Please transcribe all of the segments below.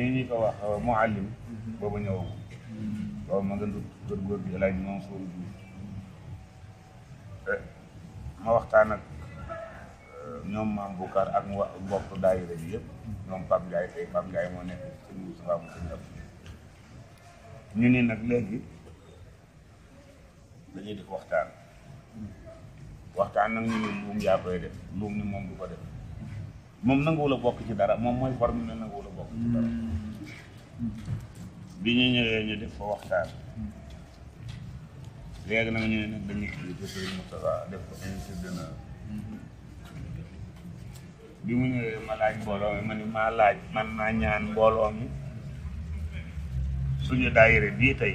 mii ñu ko wax euh, muallim mhm. boobu ñëwagu boobu ma bi Alaaji eh, ma waxtaan ak euh, ñoom maam Bukar ak wa mbokk daayira bi yëpp mhm. ñoom Pape Ndiaye tey Pape Ndiaye moo nekk sëñ Moussa ñu ni nag léegi dañuy def waxtaan mhm. waxtaan nag ñu ne luum yaa koy def luum ni moom du ko def moom nanguwul a bokk ci dara moom mooy forme ne nanguwul a bokk ci dara hmm. bi ñu ñëwee ñu def fa waxtaan léegi nag ñu ne nag dañuy kii te Sëriñ Moustapha def ko invité d'honneur bi mu ñëwee ma laaj mbooloo mi ma ni maa laaj man maa ñaan mbooloo mi suñu daayira bii tey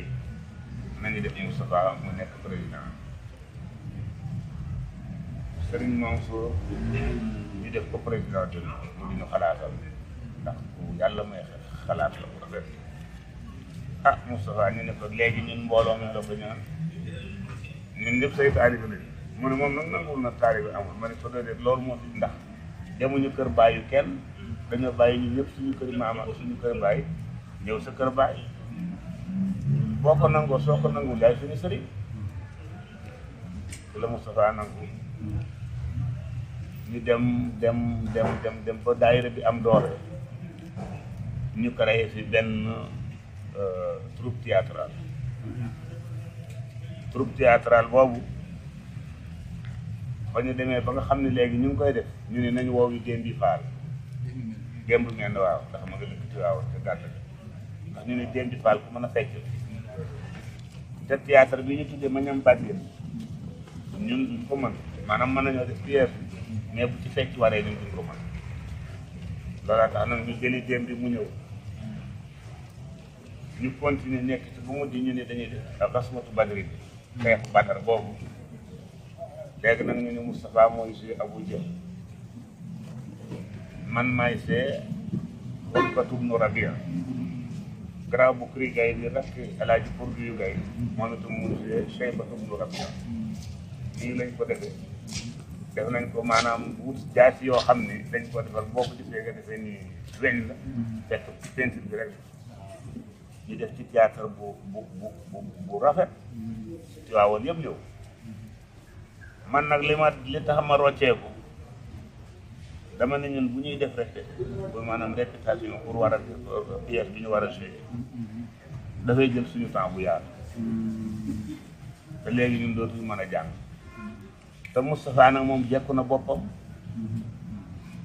nañu def Moustapha mu nekk président Sëriñ Mansour def ko président de mu ñu xalaatal ndax ku yàlla may xalaat la ko def ah Moustapha ñu ne ko léegi ñun mbooloo mi la ko ñaan ñun ñëpp say taalibe lañu mu ne moom nag nanguwul na taalibe amul ma ne ko déedéet loolu moo fi ndax demuñu kër bàyyi kenn dañoo bàyyi ñu ñëpp suñu kër maam ak suñu kër bàyyi ñëw sa kër bàyyi boo ko nangoo soo ko nanguwul yaay suñu sëriñ la Moustapha nangu ñu dem dem dem dem dem ba daayira bi am doole ñu créé fi benn euh, troupe théâtrale troupe théâtrale boobu ba ñu demee ba nga xam ne léegi ñu ngi koy def ñu ne nañu woowu démb yi faal démb ngeen waaw ndax ma nga lëkk ci waaw te ñu ne démb yi faal ku mën a fecc te théâtre bi ñu tuddee ma ñam bàggeen ñun duñ ko mën maanaam mën nañoo def pièce mais bu ci fecc waree ñun duñ ko mën loolaa tax nag ñu jëli démb bi mu ñëw ñu continuer nekk ci bu mu di ñu ne dañuy def rasmatu badri bi xeexu badar boobu léegi nag ñu ne Moustapha mooy joué Abu Jahl man maay see Utbatu bnu Rabia grand bu Kuri Gay bi rakk Alaaji pour yu Gay moom itam mu joué Shaybatu bnu Rabia nii lañ ko defee def nañ ko maanaam wut jaasi yoo xam ne dañ ko defal boo ko gisee nga defee nii weñ la mm-hmm. fekk peinture bi rek ñu def ci théâtre bu bu bu bu rafet ci mm-hmm. waawoon yëpp yow man nag li ma li tax ma rocceeku dama ne ñun bu ñuy def rek bu maanaam réputation pour war a pièce bi ñu war a jouer mm-hmm. dafay jël suñu temps bu yaatu te léegi ñun dootuñu mën a jàng te Moustapha nag moom jekku na boppam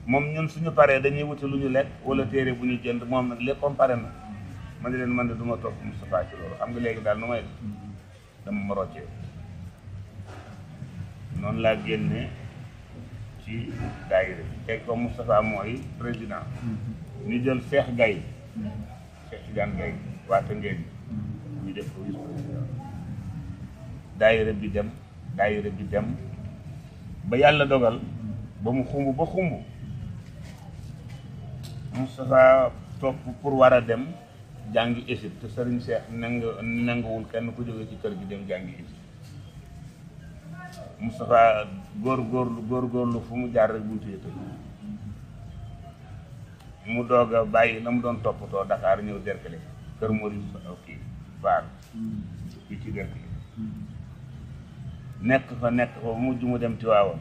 moom ñun suñu paree dañuy wuti lu ñu lekk wala téere bu ñu jënd moom nag léppam pare na man di leen man de du ma topp Moustapha ci loolu xam nga léegi daal nu may dama ma noonu laa génne ci daayira bi teg ko mooy président ñu jël Cheikh Gaye Cheikh Tidiane Gaye waa Tëngéej ñu def ko bi dem daayira bi dem ba yàlla dogal ba mu xumb ba xumb Moustapha topp pour war a dem jàngi Égypte te Serigne Cheikh nang nanguwul kenn ku jóge ci kër gi dem jàngi mu Moustapha góor góorlu góor góorlu fu mu jaar rek buntu mu doog a bàyyi la mu doon toppatoo Dakar ñëw Derklé kër Maurice kii Baar bi ci Derklé nekk fa nekk fa mujj mu dem Tiwaawan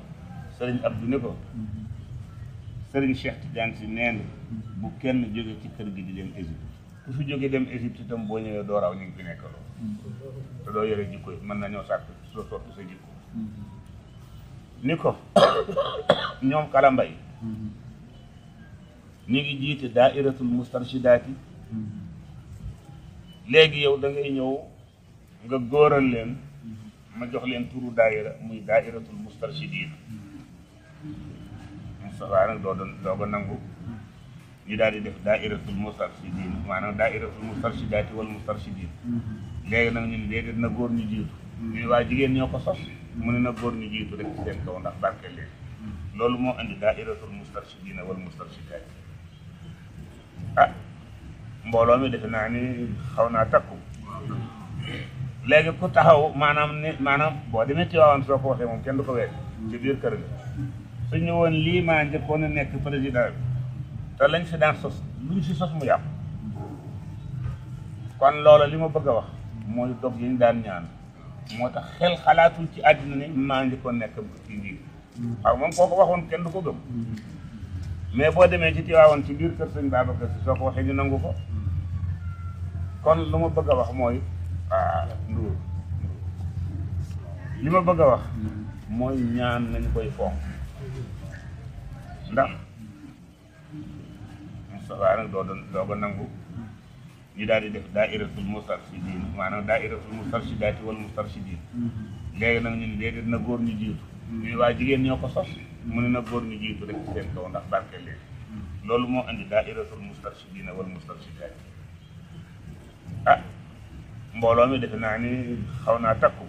sëriñ Abdu ne ko sëriñ Cheikh Tidiane si nee na bu kenn jóge ci kër gi di dem Égypte ku fi jóge dem Égypte itam boo ñëwee doo raw ñu ngi fi nekkaloo te doo yore jikko mën na ñoo sàkk soo soppi sa jikko ni ko ñoom kalamba yi ñu ngi jiite daairatul mustarshidaati léegi yow da ñëw nga góoral leen ma jox leen turu daayira muy daayiratul mustarshidin waaye nag doo doon doo ko nangu ñu daal di def daayiratul mustarshidin maanaam daayiratul mustarshidaati wal mustarshidin léegi nag ñu ne déedéet na góor ñu jiitu ñu waa jigéen ñoo ko sos mu ne na góor ñu jiitu rek ci seen kaw ndax barke léegi loolu moo indi daayiratul mustarshidina wal mustarshidaati ah mbooloo mi defe naa ni xaw naa takku léegi ku taxaw maanaam ni maanaam boo demee ci waawoon soo ko waxee moom kenn du ko wér ci biir kër gi su ñu woon lii maa njëkkoon a nekk président bi te lañ fi daan sos luñ fi sos mu yàpp kon loola li ma bëgg a wax mooy dog yi ñu daan ñaan moo tax xel xalaatul ci àddina ni maa njëkkoon nekk ci njiit waaw moom koo waxoon kenn du ko gëm mais boo demee ci Tiwaawoon ci biir kër sëñ Babacar Si soo ko waxee ñu nangu ko kon lu ma bëgg a wax mooy waaw li ma bëgg a wax mooy ñaan nañu koy fonk ndax Moustapha nag doo doon doo ko nangu ñu daal di def daa'iratul mustarshidin maanaam daa'iratul mustarshidaati wal mustarshidin léegi nag ñun léegi na góor ñu jiitu ñun waa jigéen ñoo ko sos mu ne na góor ñu jiitu rek ci seen kaw ndax barke léegi loolu moo indi daa'iratul mustarshidina wal mustarshidaati ah mbooloo mi defe naa ni xaw naa takku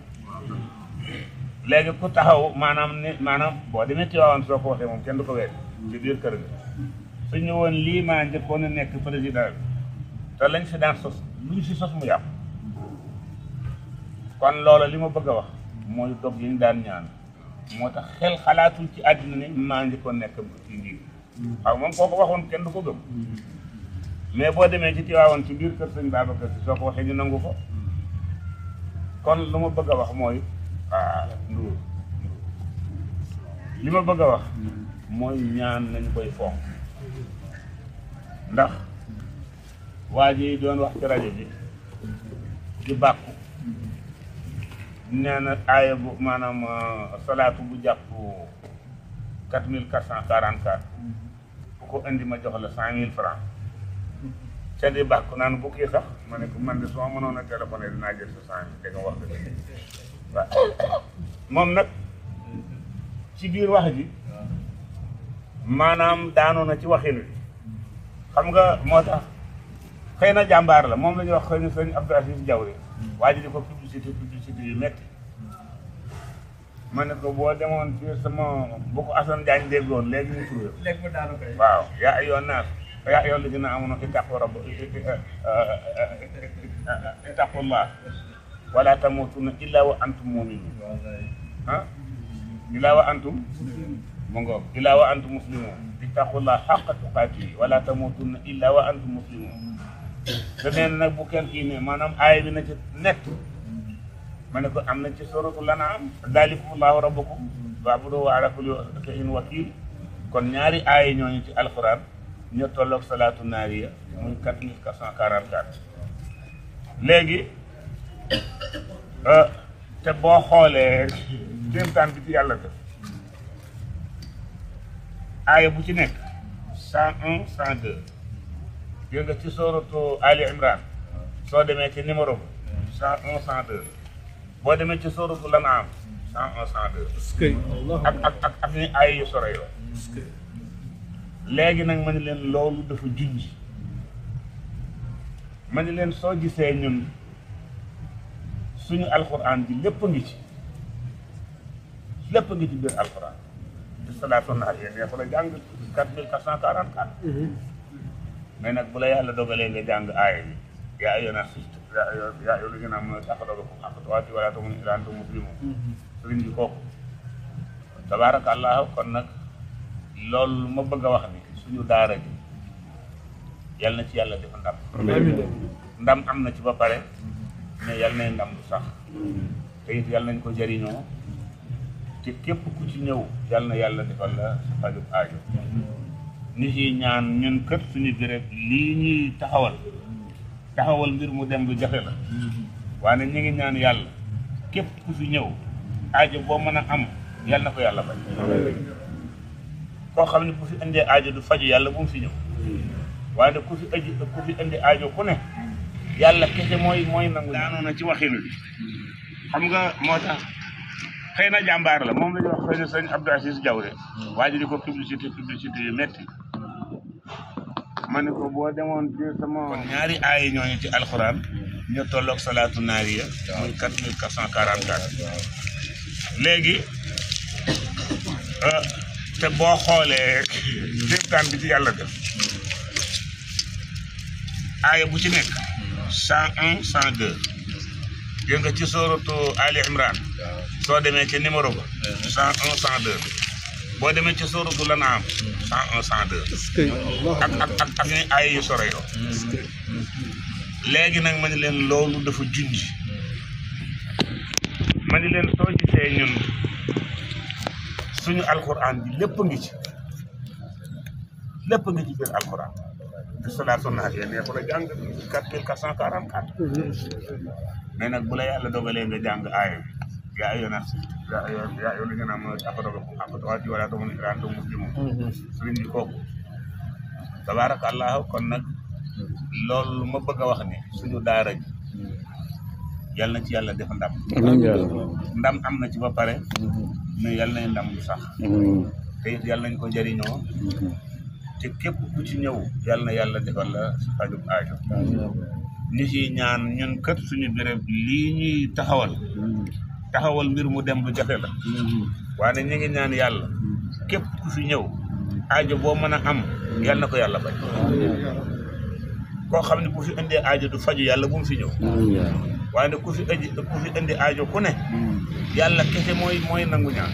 léegi ku taxaw maanaam ni maanaam boo demee Tiwaawan soo ko waxee moom kenn du ko weer ci biir kër gi su ñëwoon lii maa njëkkoon a nekk président bi te lañ fi daan sos luñ fi sos mu yàqu kon loola li ma bëgg a wax mooy dog yi ñu daan ñaan moo tax xel xalaatul ci àddina ni maa njëkkoon nekk ci njiit waaw moom koo ko waxoon kenn du ko gëm mm-hmm. mais boo demee ci Tiwaawan ci biir kër sëñ Babacar Si soo ko waxee ñu nangu ko kon lu ma bëgg a wax mooy ah li ma bëgg a wax mooy ñaan nañu koy fonk ndax waa ji doon wax ci rajo bi di bàkku nee na aaya maanaam euh, salaatu bu jàpp quatre mille quatre cent quarante quatre bu ko indi ma jox la cent mille francs ca di bàkk naan bu kii sax ma ne ko man de su ma mënoon a téléphoné dinaa jël sa cent mille da moom nag ci biir wax ji maanaam daanoo na ci waxin wi xam nga moo tax xëy na jàmbaar la moom la ñuy wax xëy na sëñ Abdou Aziz Diawri waa ji di ko publicité publicité yu métti ma ne ko boo demoon ci sama bu ko Assane Diagne déggoon léegi ñu tuur léegi waaw yaa ayoon naa يا أيها الذين آمنوا اتقوا رب اه، اه، اه، اتقوا الله ولا تموتن إلا وأنتم مؤمنون ها إلا وأنتم مغوب إلا وأنتم مسلمون اتقوا الله حق تقاته ولا تموتن إلا وأنتم مسلمون دنين نك بو كان كي مانام آي بي نتي نك مانيكو أم نتي سورة الأنعام ذلكم الله ربكم واعبدوه وعلى كل شيء وكيل كون ñaari ay ñoo ci ñu tolloog salaatu naariya muy quatre mille quatre cent quarante quatre léegi euh, te boo xoolee démtaan bi ci yàlla def aaya bu ci nekk cent un cent deux jël nga ci sooratu Ali Imran soo demee ci numéro ba cent boo demee ci sooratu Lanaam cent un cent deux ak ak ak ak ni aaya yu sore yoo léegi nag ma ni leen loolu dafa junj ma ni leen soo gisee ñun suñu alxuraan bi lépp a ngi ci lépp a ngi ci biir alxuraan te salaatu naar yee neexu la jàng quatre mais nag bu la yàlla dogalee nga jàng aaya bi yaa ayyuhan fistu yaa ayyuhal laziina aamanuu ittaqullaaha haqqa tuqaatihi wa laa tamuutunna illaa wa antum muslimuun sëriñ bi tabaaraka allaahu kon nag loolu ma bëgg a wax ni suñu daara bi yal na ci yàlla def ndam ndam am na ci ba pare mais yal na ndam lu sax te yàlla nañ ko jariñoo te képp ku ci ñëw yal na yàlla defal la sa fajub aajo ni yi ñaan ñun kër suñu béréb lii ñuy taxawal taxawal mbir mu dem lu jafe la waaye ñu ngi ñaan yàlla képp ku fi ñëw aajo boo mën a am yàlla na ko yàlla bañ koo xam ne ku fi indee ajo du faj yàlla bu mu fi ñëw waaye nag ku fi indi aajo ku ne yàlla kese mooy mooy nangu daanoon na ci waxinu xam nga moo tax xëy na jàmbaar la moom la ñu wax xëy na sëñ Abdou Aziz Diawre ko publicité publicité yu métti ma ne ko boo demoon ci sama ñaari aay ñooñu ci alxuraan ñu tolloog salaatu naariya muy quatre mille te boo xoolee dénkaan bi ci yàlla def aaya bu ci nekk cent un cent deux dégg nga ci sooratu Ali Imran soo demee ci numéro ba cent un cent deux boo demee ci sooratu Lanaam cent un cent deux ak ak ak ak aaya yu sore yoo léegi nag ma ni leen loolu dafa junj ma ni leen soo gisee ñun suñu alquran bi lepp ngi ci lepp ngi ci bir alquran installation naa ne ko la jang 4444 ne nak bu la yalla dogale nga jang ay ya ayu ayoon ya ayu ya ayu li nga naan ta dogal ko xam tawaa wala to mun iran dogal muslimu suñu ni ko tabarak allah kon nak lol ma bëgg wax ni suñu daara ji yalla na ci yalla def ndam ndam amna ci ba pare mais yal nañ ndam sax te yal nañ ko njëriñoo te képp ku ci ñëw yal na yàlla defal la fajum aajo ñu ciy ñaan ñun kat suñu béréb lii ñuy taxawal mbir mu dem lu jafe la waaye ñu ngi ñaan yàlla képp ku fi ñëw aajo boo mën a am yal na ko yàlla faj koo xam ne bu fi indee aajo du faju yàlla bu fi ñëw waaye nag ku fi indi ku fi indi aajo ku ne. yàlla kese mooy mooy nangu ñaan.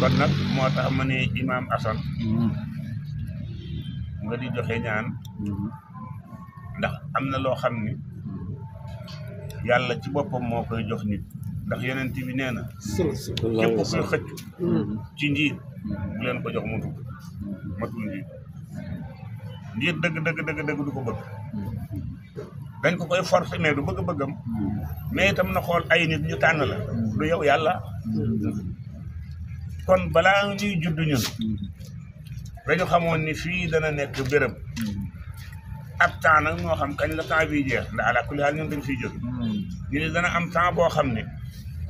kon nag moo tax ma ne imaam Assane. nga di joxe ñaan. ndax am na loo xam ni yàlla ci boppam moo koy jox nit. ndax yonent bi nee na. képp kuy xëccu. ci njiit bu leen ko jox mu tudd matul njiit njiit dëgg dëgg dëgg dëgg ko bëgg. dañ ko koy forcer mais du bëgg-bëggam hmm. mais itam na xool ay nit ñu tànn la hmm. du yow yàlla hmm. kon balaa ñuy judd ñun dañu xamoon ni fii dana nekk béréb ab temps nag ñoo xam kañ la temps bii jeex ndax ala kulli xaal ñun dañ fiy jóg ñu ne dana am temps boo xam ne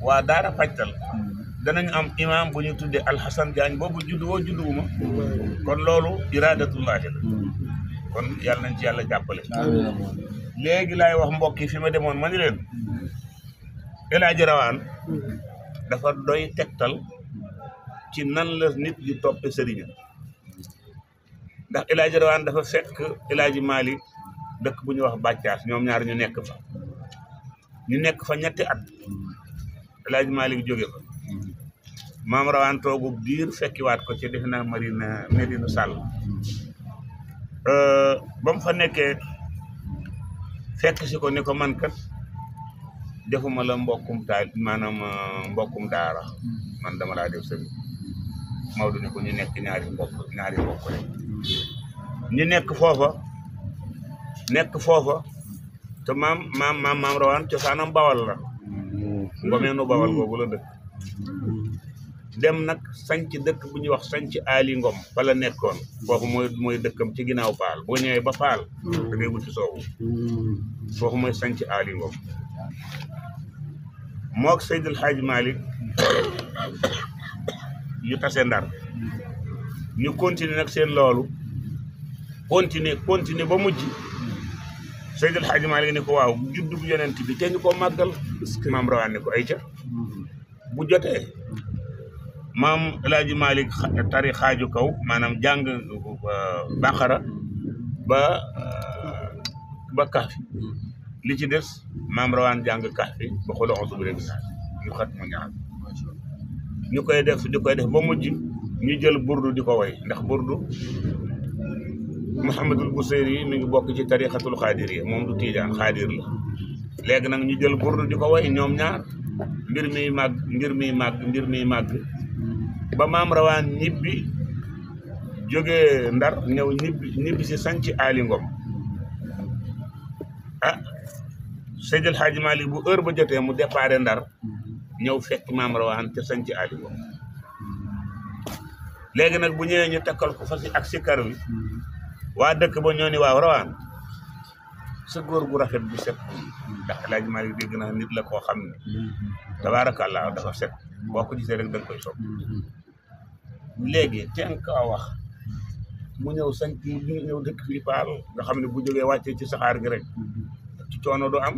waa daara fajtal danañ am imam bu ñu tuddee alxasan jaañ boobu judd woo judd wu ma kon loolu iraadatullaahi la kon yàlla nañ ci yàlla jàppale léegi lay wax mbokk yi fi ma demoon ma ni leen El Hadj dafa doy tegtal ci nan la nit di toppe sëriñam ndax El Hadj Rawane dafa fekk El Hadj Malick dëkk bu ñuy wax Bàccaas ñoom ñaar ñu nekk fa ñu nekk fa ñetti at El Hadj Malick jóge fa maam Rawane toogu diir fekkiwaat ko ci defe naa Marina Medina Sall euh, ba fa nekkee. fekk si ko ni man kat defuma la mbokkum taal maanaam euh, mbokkum daara mm. man dama laa def sëriñ Maodo ni ko ñu nekk ñaari mbokk ñaari mbokk rek ñu nekk foofa nekk foofa te mam maam maam maam rawaan cosaanam bawal la ngomeenu mm. bawal googu la dëkk mm. dem nag sanc dëkk bu ñuy wax sanc Ali Ngom fa la nekkoon foofu mooy mooy dëkkam ci ginnaaw Paal boo ñëwee ba Paal mm. da ngay wuti soowu mm. foofu mooy sanc Ali Ngom mook Seydil Hadj Malick ñu tase ndar ñu continuer nag seen loolu continuer continuer ba mujj Seydil Hadj Malick ni ko waaw juddu bu yonent bi te ñu ko màggal maam rawaan ni ko ay ca mm. Mam laji malik tari khaju kaw manam jang euh, bakara ba euh, ba kafi, li ci des maam rawaan jàng kaafi ba xooloo xosu bu rebi ñu xat mu ñaan ñu koy def di koy def ba mujj ñu jël burdu di ko way ndax burdu muhammadul Buseyri yi mi ngi bok ci tarixatul xaadir mom du tidian la nak ñu jël burdu di ko way ñom ñaar mbir mi mag mbir mi mag mbir mi mag ba mam rawan nibbi joge ndar ñew nibbi nibbi si sanci ali ngom ah Seydi El Hadji mali bu heure ba jotté mu déparé ndar ñew fekk mam rawan ci sanci ali ngom légui nak bu ñewé ñu takkal ko fa ci ak ci karu wa dekk ba ñoni wa rawan sa gu rafet bu set ndax Hadji mali degg na nit la ko xamni mm-hmm. tabarakallah dafa set boo gisé rek dang koy sopp léegi teen kaa wax mu ñëw sanc mu ñëw dëkk nga xam ne bu jógee wàccee ci saxaar gi rek ci coono du am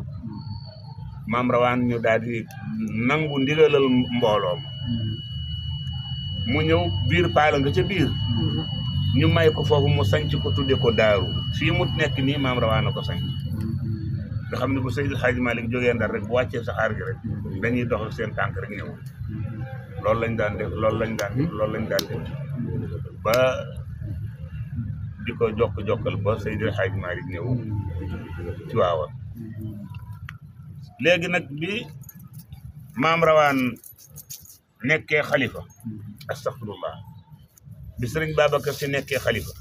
maam rawaan ñu daal di nangu ndigalal mbooloom mu ñëw biir paala nga ca biir ñu may ko foofu mu sanc ko tudde ko daaru fii mu nekk nii maam rawaan a ko sañ nga xam ne bu Seydil Hadji Malick jógee ndar rek bu wàccee saxaar gi rek dañuy dox seen tànk rek ñëw loolu lañ daan def loolu lañ daan def loolu lañ daan def ba di ko jokk jokkal ba Seydil Hadj Malick ñëw ci waawa léegi nag bi maam rawaan nekkee xalifa astaghfirullah bi si nekkee xalifa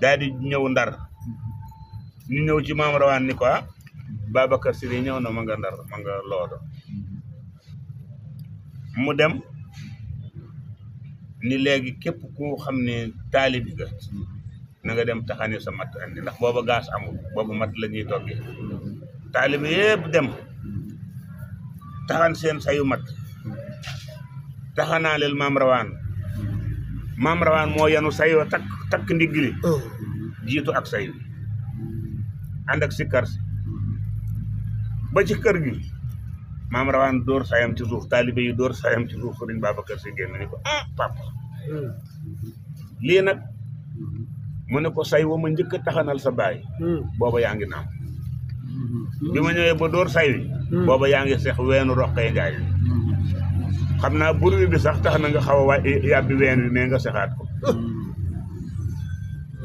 daal di ñëw ndar ñu ñëw ci maam rawaan ni ko ah, Babacar si di ñëw na ma ndar ma nga mu dem ni legi kep koo xamne talib ga na nga dem taxani sa mat andi ndax booba gas amul boobu mat lañuy ñuy talib yeb dem taxan sen sayu mat taxanaaleel mam rawan mam rawan mo yanu sayo tak tak ndigli oh. jitu ak sayu andak ak ba ci kër gi maam rawaan dóor saayam ci suuf taalibe yi dóor saayam ci suuf sëriñ Babacar Si génn ni ko ah papa hmm. lii nag mu ne ko say wa ma njëkk a taxanal sa baay hmm. booba yaa ngi naam hmm. bi ma ñëwee ba dóor say wi booba yaa ngi seex weenu roqee ngaay yi xam naa buru bi sax tax na nga xaw a waay yàbbi ween wi mais nga sexaat ko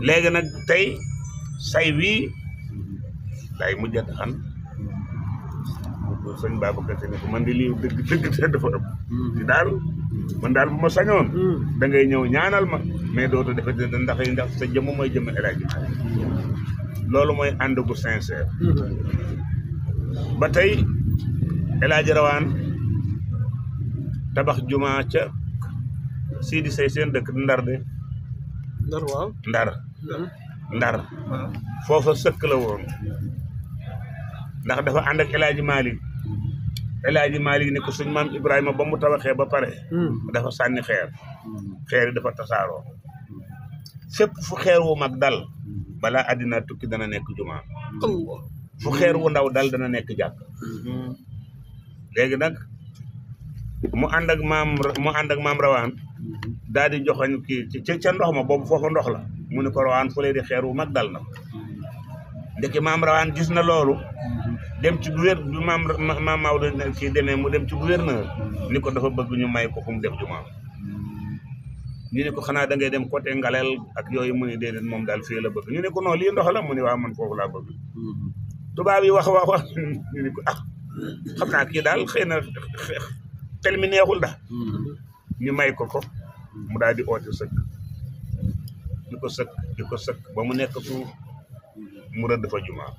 léegi nag tey say wii day mujj a taxan sëñ Babacar Sy ko man di lii dëgg dëgg dafa ëpp di man daal bu sañoon hmm. da ngay ñëw ñaanal ma mais dootu defe ndax ndax sa jëmm mooy jëmm El sincère hmm. ba tabax ca Sidi dëkk Ndar de Ndar waaw Ndar hmm. Ndar foofa sëkk la won ndax dafa and ak El malik El Hadji Malick ne ko suñ maam Ibrahima ba mu tabaxee ba pare. Hmm. dafa sànni xeer. Hmm. xeer dafa tasaaroo. fépp fu xeer wu mag dal. Hmm. balaa àddina tukki dana nekk jumaa. fu xeer wu ndaw dal dana nekk jàkk. léegi nag mu ànd ak maam mu ànd ak di joxoñ kii ca ndox ma boobu foofu ndox la mu ne ko rawaan fu lay di xeer wu mag dal na. ndeke maam rawaan gis na loolu. dem ci gouverneur maam maam Maodo kii mu dem ci gouverneur ni ko dafa bëgg ñu may ko fu mu def jumaa ñu ko xanaa da ngay dem côté Ngalel ak yooyu mu ne déedéet moom daal fii la bëgg ñu ne ko non lii ndox la mu ne waaw man foofu laa bëgg tubaab yi wax wax wax ñu ko ah xam naa kii daal xëy na xel mi neexul da ñu may ko ko mu daal di oote sëkk di ko sëkk di ko sëkk ba mu nekk fu mu rëdd fa jumaa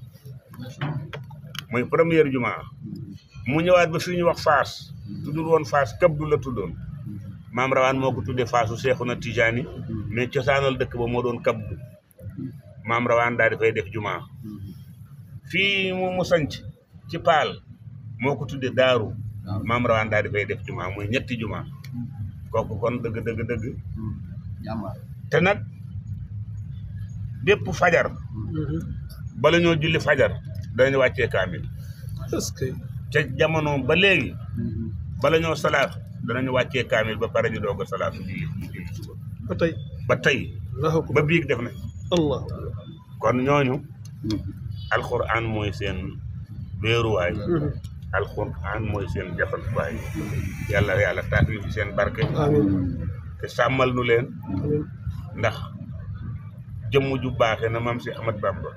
mooy première jumaa mu ñëwaat ba fi ñu wax faas tuddul woon faas kabdu la tuddoon maam rawaan moo ko tuddee faasu seexuna tijaani mais cosaanal dëkk ba moo doon kabdu maam rawaan daal fay def jumaa fii mu mu sanc ci paal moo ko tuddee daaru maam rawaan daal fay def jumaa muy ñetti jumaa kooku kon dëgg dëgg te nag bépp fajar mm-hmm. bala ñoo julli fajar dañu wàccee kaamil. ce que. ca jamono ba léegi. Mm-hmm. bala ñoo salaatu danañu wàccee kaamil ba pare ñu doog a salaatu ji ba tey ba ba biig def na. allah kon ñooñu. Mm-hmm. alxuraan mooy seen wéeruwaay. Mm-hmm. alxuraan mooy seen jafanduwaay. yàlla yàlla taat seen barke. te sàmmal leen. ndax jëmm ju baaxee na maam si Ahmad Bamba.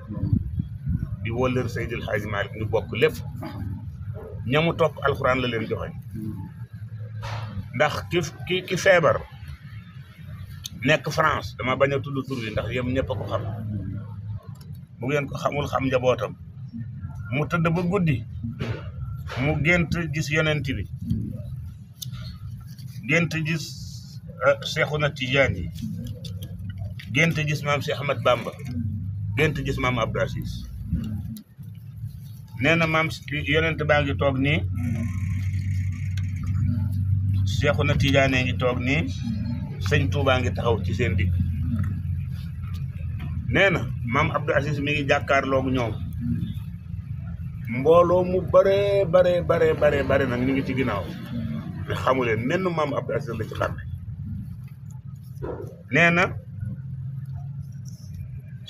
di wóllër Seydil Hadji Malick ñu bokk lépp ñamu topp alxuraan la leen joxe ndax ki ki feebar nekk France dama bañ a tudd ndax yem ñëpp a ko xam bu ngeen ko xamul xam njabootam mu tëdd ba guddi mu gént gis yonent bi gént gis euh, Seexuna Tijaan yi gént gis maam Seex Ahmad Bamba gént gis maam Abdou nee na maam yonent baa ngi toog nii Seexuna Tijaane ngi toog nii sëñ Tuubaa ngi taxaw ci seen digg nee na maam Abdou Aziz mi ngi jàkkaarloog ñoom mbooloo mu bare bare bare bare bare nag ñu ngi ci ginnaaw xamuleen xamu leen maam Abdou Aziz la ci xàmme nee na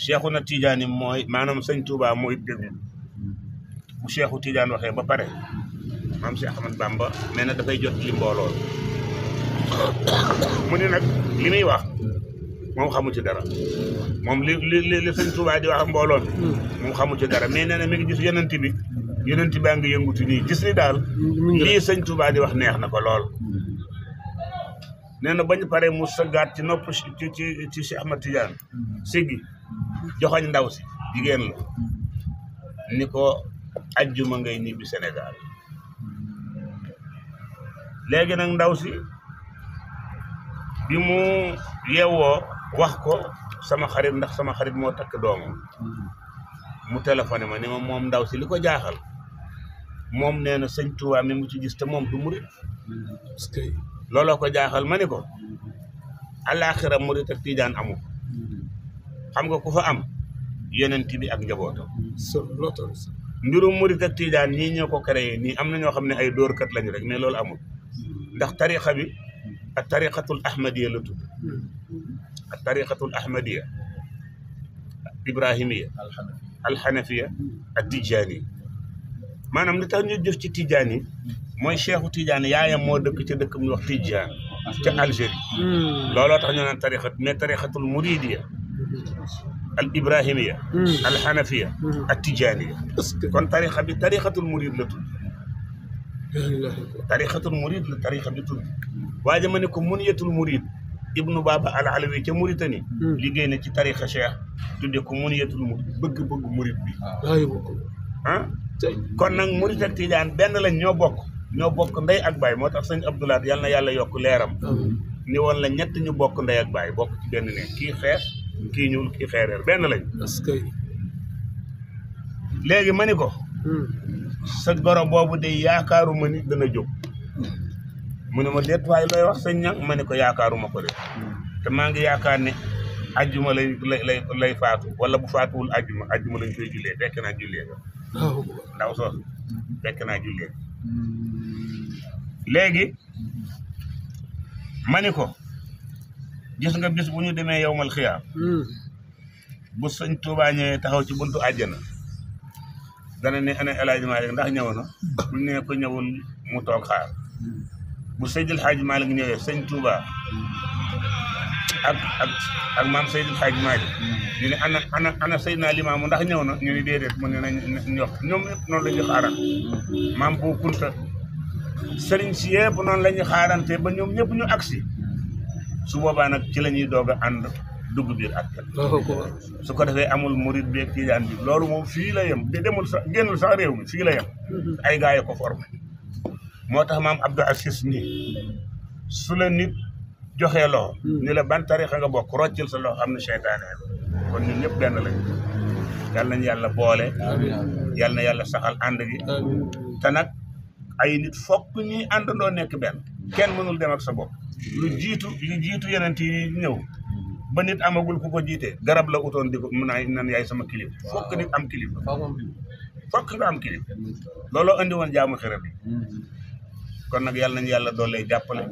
Seexuna Tijaani mooy maanaam sëñ Tuubaa mooy déglu bu Cheikhu Tidiane waxee ba pare maam Cheikh Ahmad Bamba nee na dafay jot li mbooloo mu ne nag li muy wax moom xamu ci dara moom li li li sëñ di wax mbooloo mi moom xamu ci dara mais nee na mi ngi gis yonent bi yonent baa ngi yëngutu nii gis ni daal lii sëñ Tuubaa di wax neex na ko lool nee na bañ pare mu sëggaat ci nopp ci ci ci Cheikh Ahmad Tidiane joxoñ ndaw si jigéen la ni ko ajjuma ngay ñibbi Sénégal léegi nag ndaw si bi mu yeewoo wax ko sama xarit ndax sama xarit moo takk doomam mu téléphoné ma ni moom ndaw si li ko jaaxal moom nee na sëñ Touba mu ci gis te moom du murit looloo ko jaaxal ma ni ko alaaxira murit ak tiijaan amul mm-hmm. xam nga ku fa am yonent bi ak njabootam mbirum murit ak tiijaan ñii ñoo ko créé nii am na ñoo xam ne ay dóorkat lañu rek mais loolu amul ndax tarixa bi ak tarixatul ahmadiya la tudd ak tarixatul ahmadiya ibrahimiya alxanafiya ak tijaani maanaam li tax ñu jëf ci tijaan yi mooy cheikhu tijaan yaayam moo dëkk ca dëkk mu wax tijaan ca Algérie hmm. looloo tax ñu naan tarixat mais tarixatul muridiya الإبراهيمية الحنفية التجانية كون طريقة بي طريقة المريد لا تود طريقة المريد لا طريقة بي تود واجي ما نكو منية المريد ibnu baba al alawi ca mauritanie liggéey na ci tarixa cheikh tudde ko muniyatul murid bëgg bëgg murid bi ah kon nag murid ak tijaan benn lañ ñoo bokk ñoo bokk ndey ak baay moo tax sëñ abdoulaat yal na yàlla yokk leeram ni woon la ñett ñu bokk ndey ak baay bokk ci benn ne kii xees kii ñuul kii xeereer benn lañ. parce que léegi ma ni ko. Hmm. sa goro boobu de yaakaaruma ni dana jóg. mu ne ma déet waaye looy wax sëñ ñang ma ne ko yaakaaruma ko de hmm. te maa ngi yaakaar ne ajjuma lay lay lay faatu wala bu faatuwul ajjuma ajjuma lañ koy jullee fekk naa jullee ko. ndaw soos fekk naa jullee hmm. ma ni ko. gis nga bis bu ñu demee yowmal xiyaam hmm. bu sëñ Tuubaa ñëwee taxaw ci buntu àjjana dana ne ana El Hadj ndax ñëw na bu ñu ko ñëwul mu toog xaar bu Seydil Hadj Malick ñëwee sëñ Tuubaa ak ak ak maam Seydil Hadj Malick ñu ne ana ana ana Seydina Limaamu ndax ñëw na ñu ne déedéet mu ne nañ ñox ñoom ñëpp noonu la ñu xaaral maam bu Kunta sëriñ si yëpp noonu la ñu ba ñoom ñëpp ñu agsi su boobaa nag ci la ñuy doog a ànd dugg biir ak su ko defee amul murit bi ak bi loolu moom fii la yem demul sax génnul sax réew mi fii la yem mhm. ay gars ko formé moo tax maam Abdou Aziz nii su la nit joxee mhm. ni la ban tarixa nga bokk roccil sa loxo xam ne seytaane kon ñun ñëpp benn lañ yal nañu yàlla boole yal na yàlla saxal ànd gi te nag ay nit fokk ñuy doo nekk benn kenn mënul dem ak sa bopp lu jiitu lu jiitu yeneen yi ñëw ba nit amagul ku ko jiite garab la utoon di ko mun naa nan yaay sama kilif fokk nit am kilif fokk nga am kilif looloo andi woon jaamu xërab mm-hmm. kon nag yàlla nañu yàlla dooley jàppale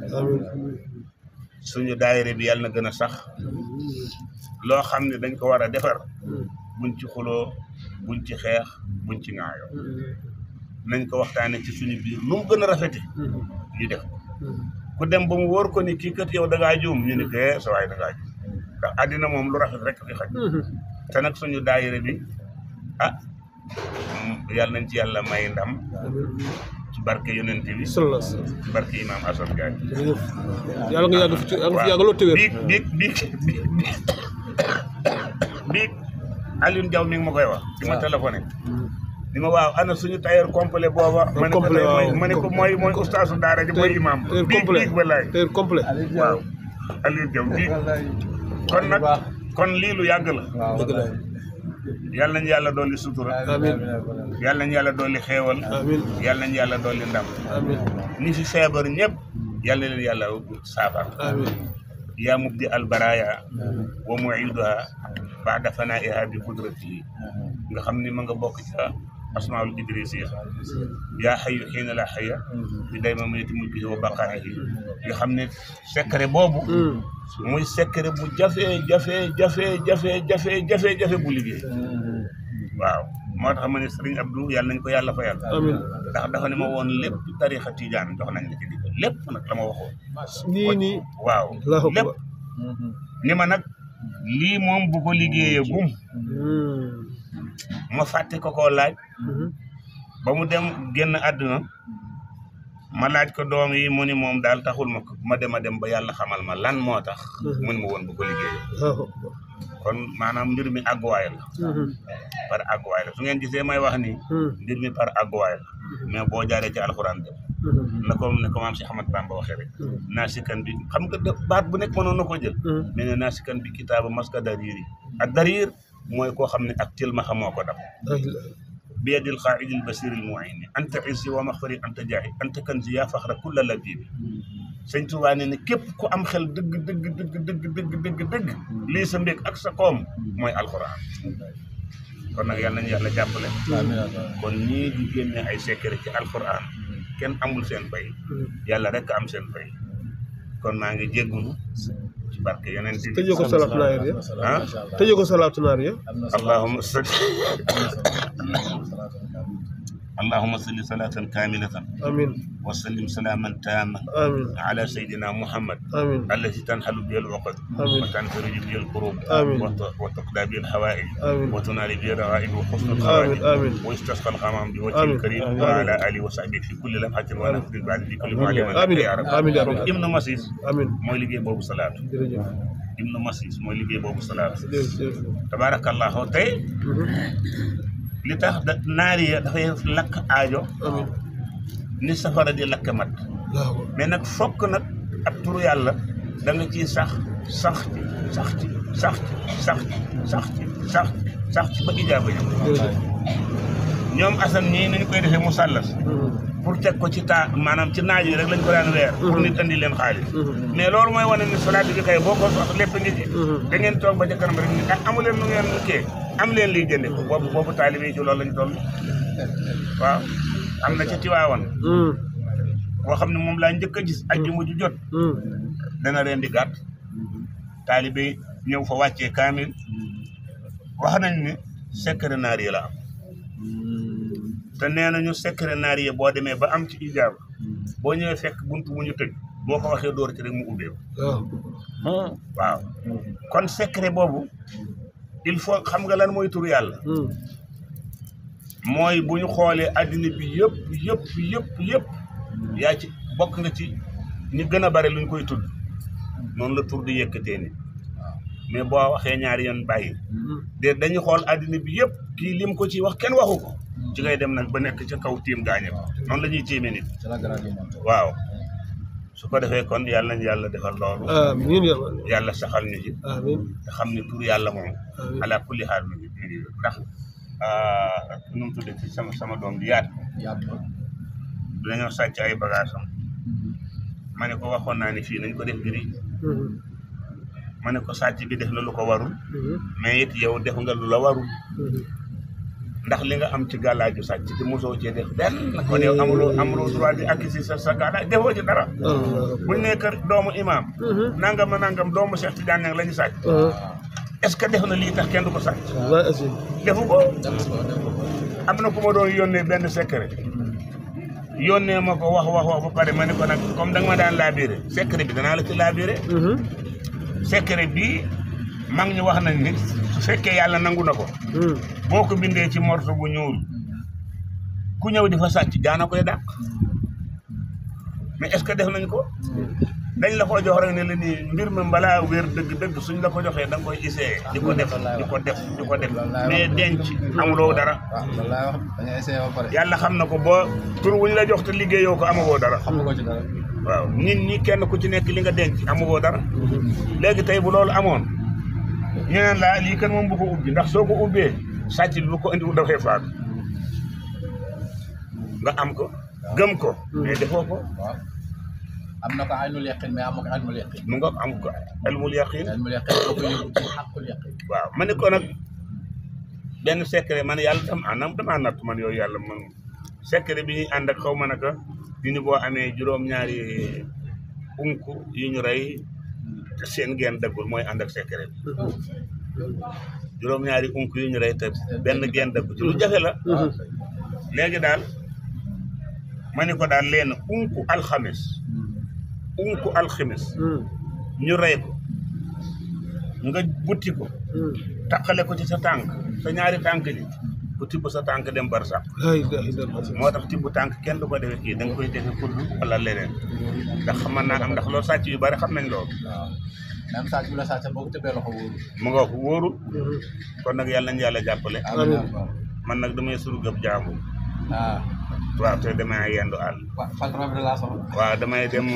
suñu daayira bi yàlla na gën a sax mm-hmm. loo xam ne dañ ko war a defar mm-hmm. buñ ci xuloo buñ ci xeex buñ ci ŋaayoo nañ ko waxtaane ci suñu biir lu gën a rafete ñu def mu dem ba mu wóor ko ni kii kat yow da ngaa ñu ni ko sa waay da ngaa moom lu rafet rek fi xaj mhm. te nag suñu daayira bi ah yàlla nañ ci yàlla may ndam ci barke yonent bi ci barke imaam Assane Gaye yàlla nga yàgg fi yàgg loo tëwér biig biig biig biig Alioune koy wax di ma ah. téléphoné mm. ni waaw ana suñu tailleur complet booba. complet waaw ma ne ko mooy mooy ustaasu daara ji mooy imaam. tailleur complet biig biig balaay. tailleur complet waaw. Aliou biig kon nag kon lii lu yàgg la. dëgg la yàlla nañu yàlla dolli sutura. amiin yàlla yàlla dolli xéewal. yàlla nañu yàlla dolli ndam. amiin ñi fi feebar ñëpp yàlla yàlla saafara. amiin yaa mubdi al baraya wa muiduha baada fanaiha bi nga xam ni ma nga bokk asmaul idrisiya yaa xayu xiina la xaya di day ma yoo xam ne secret boobu muy secret bu jafee jafee jafe jafee jafe jafe jafe jafe bu liggéey waaw moo tax ma ne Serigne Abdou yàlla nañ ko yàlla fa yàlla ndax dafa ne ma woon lépp tarixa tijaan jox nañ la ci digg lépp nag la ma waxoon nii nii waaw lépp ni gum mm-hmm. ma fàtte ko koo laaj mhm. ba mu dem génn àdduna ma laaj ko doom yi mu ni moom daal taxul ma ma dem a dem ba yàlla xamal ma lan moo tax mhm. mun ma woon bu ko liggéeyee kon maanaam mbir mi àgguwaay mhm. par àgguwaay la su ngeen gisee may wax nii mbir mi par àgguwaay la mais boo jaaree ci alxuraan dem na ko ne ko maam si Ahmad Bamba waxee rek naasikan bi xam nga baat bu nekk mënoon na ko jël mais bi kitaabu maska dariir yi ak mooy koo xam ne ak tilma xamoo ko dab biyadil xaaidil basiril muini anta isi wa maxfari anta jaahi anta kanzi yaa faxra kulla latibi sëñ Tuubaa ne ne képp ku am xel dëgg dëgg dëgg dëgg dëgg dëgg dëgg sa mbég ak sa koom mooy alxuraan kon nag yàlla nañu yàlla jàppale kon ñii di génne ay secret ci alxuraan kenn amul seen bay yàlla rek am seen fay kon maa ngi jéggulu ci barke yonent bi tëjee ko salaatu naar ya ah tëjee ko salaatu اللهم صل صلاة كاملة آمين وسلم سلاما تاما آمين على سيدنا محمد آمين التي تنحل به العقد آمين وتنفرج به الكروب آمين وتقضى به الحوائج آمين وتنال به الرغائب وحسن الخواتم آمين ويستسقى الغمام بوجه الكريم آمين. وعلى آله وصحبه في كل لمحة وأنا في بعد في كل معلمة آمين يا رب آمين يا رب ابن مسيس آمين مولي باب بوب صلاة ابن مسيس مولي باب بوب صلاة تبارك الله تي li tax da naari ya dafay lakk aajo ni safara di lakk mat mais nag fokk nag ak turu yàlla da nga ciy sax sax ci sax ci sax ci sax ci sax ci sax ci sax ci ba ijaaba ñëw ñoom asan ñii ni ñu koy defee mu sàllas pour teg ko ci taa maanaam ci naaj yi rek lañ ko daan weer. pour nit andi leen xaalis. mais loolu mooy wane ni salaat bi kay boo ko lépp ngi ci. da ngeen toog ba ca kanam rek ni ah, amu leen nu ngeen kii. am leen liy jënde boobu boobu taalibe yi ci loolu lañu toll waaw am na ci tiwaawan hmm. boo xam ne moom laa njëkk a gis hmm. ajjuma ju jot hmm. dana leen di gàtt taalibe ñëw fa wàccee kaamil wax nañ ne secrétaire la am te nee nañu secrétaire yi boo demee ba am ci ijaab boo ñëwee fekk bunt bu ñu tëj boo ko waxee door ci rek mu ubbeeku ah. waaw kon secret boobu il faut xam nga lan mooy tur yàlla hmm. mooy bu ñu xoolee addina bi yëpp yëpp yëpp yëpp yaa ci bokk nga ci ñu gën a bare lu ñu koy tudd noonu la tur di yëkkatee ni mais boo waxee ñaari yoon bàyyi hmm. de dañu xool addina bi yëpp kii lim ko ci wax kenn waxu ko hmm. ci ngay dem nag ba nekk ca kaw tiim gaañe ko noonu la ñuy tiimee nit waaw su ko defee kon yàlla nañ yàlla defal loolu yàlla saxal ñu ci xam ne tur yàlla moom ala kulli xaal mu ndax ah, nu mu tuddee ci sama sama doom di yaat dañoo sàcc ay bagage am mm-hmm. ne ko waxoon naa ne fii nañ ko def biri mm-hmm. ma ne ko sac bi def na warul mm-hmm. mais it yow nga lu la warul ndax li nga am ci gàllaaju sàcc ci mosoo cee def benn mm. kon yow amuloo amuloo droit di acquis sa sa gàllaaj defoo ci dara mm. buñ ne kër doomu imaam mm-hmm. nangam a nangam doomu Cheikh Tidiane la ñu sàcc mm-hmm. est-ce que def na lii tax kenn du ko sàcc defu ko am na ku ma doon yónnee benn secret mm-hmm. yónnee ma ko wax wax wax ba pare ma ne ko nag comme da nga ma daan laabiire secret bi danaa la ci laabiire secret bi mag ñu wax nañ ni su fekkee yàlla nangu na ko hmm. boo ko bindee ci morso bu ñuul ku ñëw di fa sàcc daana koy dàq mais est-ce que def nañ ko dañ la ko jox ne la nii mbir mi balaa wér dëgg-dëgg suñ la ko joxee da nga koy essayé di ko def di ko def di ko def mais denc amuloo dara yàlla xam na ko boo tur wuñ la jox te liggéeyoo ko amagoo dara waaw nit ñi kenn ku ci nekk li nga denc amagoo dara hmm. léegi tey bu loolu amoon ñu ne laa lii kan moom bu ubbi ndax soo ko ubbee sàcc bi bu ko indi dafay faatu nga am ko gëm ko. mais defoo ko. am na ko aynul yaqin mais amoo ko ilmul yaqin. mu nga am ko ilmul yaqin. ilmul yaqin boo ko yóbbu ma man yàlla tam anam man yooyu yàlla man secret bi ñuy ànd ak xaw ma naka di ñu boo juróom-ñaari unku yu ñu te seen geen daggul mooy ànd ak secret juróom-ñaari unk yu ñu rey te benn geen daggu ci lu jafe la daal ma ni ko daal leen unku alxamis unku alxamis ñu rey ko nga butti ko taqale ko ci sa tànk sa ñaari tànk ji ku tibb sa tànk dem barsax moo tax tibb tànk kenn du ko defee kii da nga koy defee pour wala leneen ndax mën naa am ndax loolu sàcc yu bari xam nañ lool même sàcc bi la sàcc boo ko tëbbee mu nga ko wóorul kon nag yàlla nañu yàlla jàppale man nag damay surgëb jaamu ah. waaw te damaa yendu àll. waaw damay dem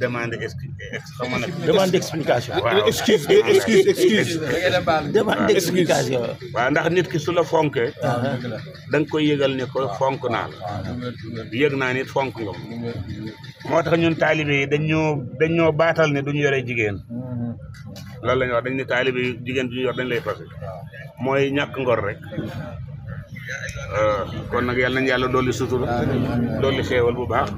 demande ex xaw ma nag. demande explication. waaw ndax nit ki su la fonkee. da nga koy yëgal ne ko fonk naa la. yëg naa nit fonk nga moo tax ñun taalibe yi dañoo ñoo baatal ne duñu yore jigéen. loolu la ñuy wax dañ ne taalibe yi jigéen duñu yor dañ lay fase mooy ñàkk ngor rek. Ah, kon nag yàlla nañ yàlla dolli sutura dolli xéewal bu baax